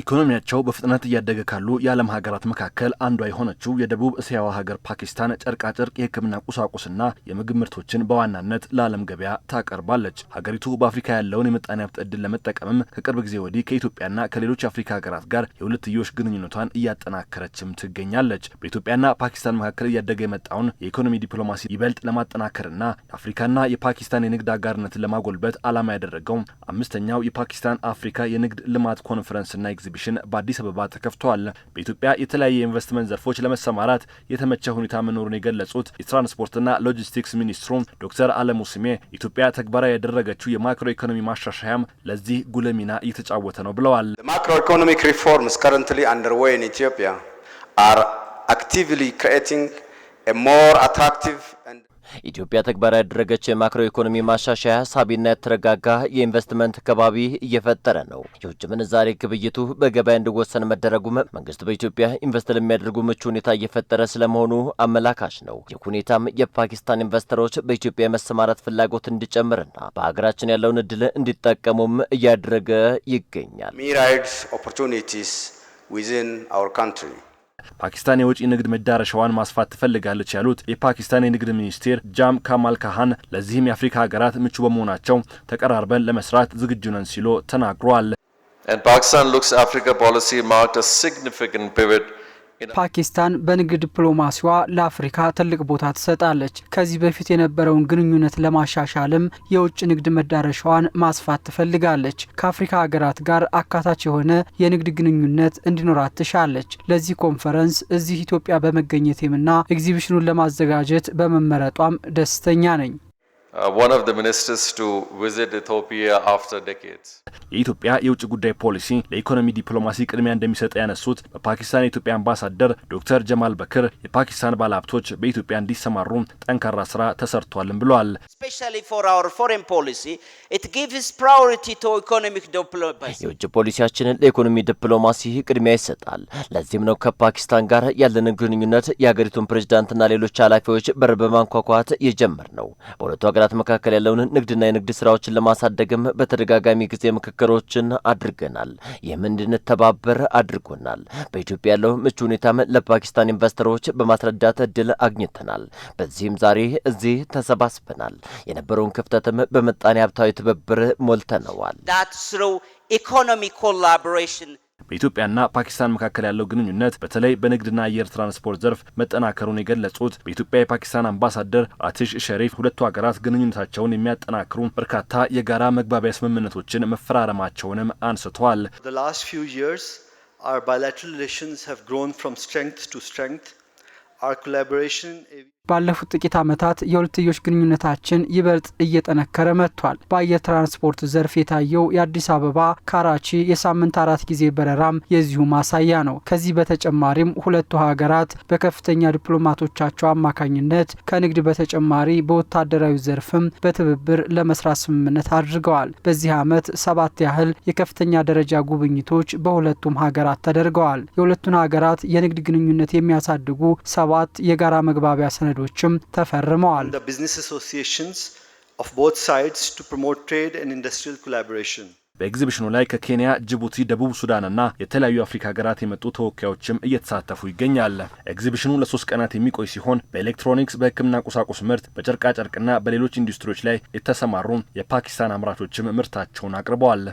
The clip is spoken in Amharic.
ኢኮኖሚያቸው በፍጥነት እያደገ ካሉ የዓለም ሀገራት መካከል አንዷ የሆነችው የደቡብ እስያዋ ሀገር ፓኪስታን ጨርቃጨርቅ፣ የሕክምና ቁሳቁስና የምግብ ምርቶችን በዋናነት ለዓለም ገበያ ታቀርባለች። ሀገሪቱ በአፍሪካ ያለውን የምጣኔ ሀብት ዕድል ለመጠቀምም ከቅርብ ጊዜ ወዲህ ከኢትዮጵያና ከሌሎች የአፍሪካ ሀገራት ጋር የሁለትዮሽ ግንኙነቷን እያጠናከረችም ትገኛለች። በኢትዮጵያና ፓኪስታን መካከል እያደገ የመጣውን የኢኮኖሚ ዲፕሎማሲ ይበልጥ ለማጠናከርና የአፍሪካና የፓኪስታን የንግድ አጋርነትን ለማጎልበት ዓላማ ያደረገው አምስተኛው የፓኪስታን አፍሪካ የንግድ ልማት ኮንፈረንስና ኤግዚቢሽን ኤግዚቢሽን በአዲስ አበባ ተከፍተዋል። በኢትዮጵያ የተለያዩ የኢንቨስትመንት ዘርፎች ለመሰማራት የተመቸ ሁኔታ መኖሩን የገለጹት የትራንስፖርትና ሎጂስቲክስ ሚኒስትሩ ዶክተር አለሙ ስሜ ኢትዮጵያ ተግባራዊ ያደረገችው የማክሮ ኢኮኖሚ ማሻሻያም ለዚህ ጉልህ ሚና እየተጫወተ ነው ብለዋል። ማክሮ ኢኮኖሚክ ሪፎርምስ ከረንትሊ አንደርዌይ ኢን ኢትዮጵያ አር አክቲቭሊ ሞር አትራክቲቭ ኢትዮጵያ ተግባራዊ ያደረገች የማክሮ ኢኮኖሚ ማሻሻያ ሳቢና የተረጋጋ የኢንቨስትመንት ከባቢ እየፈጠረ ነው። የውጭ ምንዛሬ ግብይቱ በገበያ እንዲወሰን መደረጉም መንግስት በኢትዮጵያ ኢንቨስት ለሚያደርጉ ምቹ ሁኔታ እየፈጠረ ስለመሆኑ አመላካሽ ነው። ይህ ሁኔታም የፓኪስታን ኢንቨስተሮች በኢትዮጵያ የመሰማራት ፍላጎት እንዲጨምርና በሀገራችን ያለውን እድል እንዲጠቀሙም እያደረገ ይገኛል። ፓኪስታን የውጪ ንግድ መዳረሻዋን ማስፋት ትፈልጋለች ያሉት የፓኪስታን የንግድ ሚኒስቴር ጃም ካማል ካሃን ለዚህም የአፍሪካ ሀገራት ምቹ በመሆናቸው ተቀራርበን ለመስራት ዝግጁ ነን ሲሉ ተናግሯል። ፓኪስታን ሉክስ አፍሪካ ፖሊሲ ማርክድ ሲግኒፊካንት ፒቮት ፓኪስታን በንግድ ዲፕሎማሲዋ ለአፍሪካ ትልቅ ቦታ ትሰጣለች። ከዚህ በፊት የነበረውን ግንኙነት ለማሻሻልም የውጭ ንግድ መዳረሻዋን ማስፋት ትፈልጋለች። ከአፍሪካ ሀገራት ጋር አካታች የሆነ የንግድ ግንኙነት እንዲኖራት ትሻለች። ለዚህ ኮንፈረንስ እዚህ ኢትዮጵያ በመገኘቴምና ኤግዚቢሽኑን ለማዘጋጀት በመመረጧም ደስተኛ ነኝ። Uh, የኢትዮጵያ የውጭ ጉዳይ ፖሊሲ ለኢኮኖሚ ዲፕሎማሲ ቅድሚያ እንደሚሰጥ ያነሱት በፓኪስታን የኢትዮጵያ አምባሳደር ዶክተር ጀማል በክር የፓኪስታን ባለሀብቶች በኢትዮጵያ እንዲሰማሩ ጠንካራ ስራ ተሰርቷልም ብለዋል። የውጭ ፖሊሲያችንን ለኢኮኖሚ ዲፕሎማሲ ቅድሚያ ይሰጣል። ለዚህም ነው ከፓኪስታን ጋር ያለንን ግንኙነት የሀገሪቱን ፕሬዚዳንትና ሌሎች ኃላፊዎች በር በማንኳኳት የጀመር ነው። በሁለቱ ሀገራት መካከል ያለውን ንግድና የንግድ ስራዎችን ለማሳደግም በተደጋጋሚ ጊዜ ምክክሮችን አድርገናል። ይህም እንድንተባበር አድርጎናል። በኢትዮጵያ ያለው ምቹ ሁኔታም ለፓኪስታን ኢንቨስተሮች በማስረዳት እድል አግኝተናል። በዚህም ዛሬ እዚህ ተሰባስበናል። የነበረውን ክፍተትም በምጣኔ ሀብታዊ ትብብር ሞልተነዋል። በኢትዮጵያና ፓኪስታን መካከል ያለው ግንኙነት በተለይ በንግድና አየር ትራንስፖርት ዘርፍ መጠናከሩን የገለጹት በኢትዮጵያ የፓኪስታን አምባሳደር አቲሽ ሸሪፍ ሁለቱ ሀገራት ግንኙነታቸውን የሚያጠናክሩ በርካታ የጋራ መግባቢያ ስምምነቶችን መፈራረማቸውንም አንስተዋል። Eh, ባለፉት ጥቂት ዓመታት የሁለትዮሽ ግንኙነታችን ይበልጥ እየጠነከረ መጥቷል። በአየር ትራንስፖርት ዘርፍ የታየው የአዲስ አበባ ካራቺ የሳምንት አራት ጊዜ በረራም የዚሁ ማሳያ ነው። ከዚህ በተጨማሪም ሁለቱ ሀገራት በከፍተኛ ዲፕሎማቶቻቸው አማካኝነት ከንግድ በተጨማሪ በወታደራዊ ዘርፍም በትብብር ለመስራት ስምምነት አድርገዋል። በዚህ ዓመት ሰባት ያህል የከፍተኛ ደረጃ ጉብኝቶች በሁለቱም ሀገራት ተደርገዋል። የሁለቱን ሀገራት የንግድ ግንኙነት የሚያሳድጉ ሰባ ሰባት የጋራ መግባቢያ ሰነዶችም ተፈርመዋል። በኤግዚቢሽኑ ላይ ከኬንያ፣ ጅቡቲ፣ ደቡብ ሱዳንና የተለያዩ አፍሪካ ሀገራት የመጡ ተወካዮችም እየተሳተፉ ይገኛል። ኤግዚቢሽኑ ለሶስት ቀናት የሚቆይ ሲሆን በኤሌክትሮኒክስ፣ በሕክምና ቁሳቁስ ምርት፣ በጨርቃጨርቅና በሌሎች ኢንዱስትሪዎች ላይ የተሰማሩ የፓኪስታን አምራቾችም ምርታቸውን አቅርበዋል።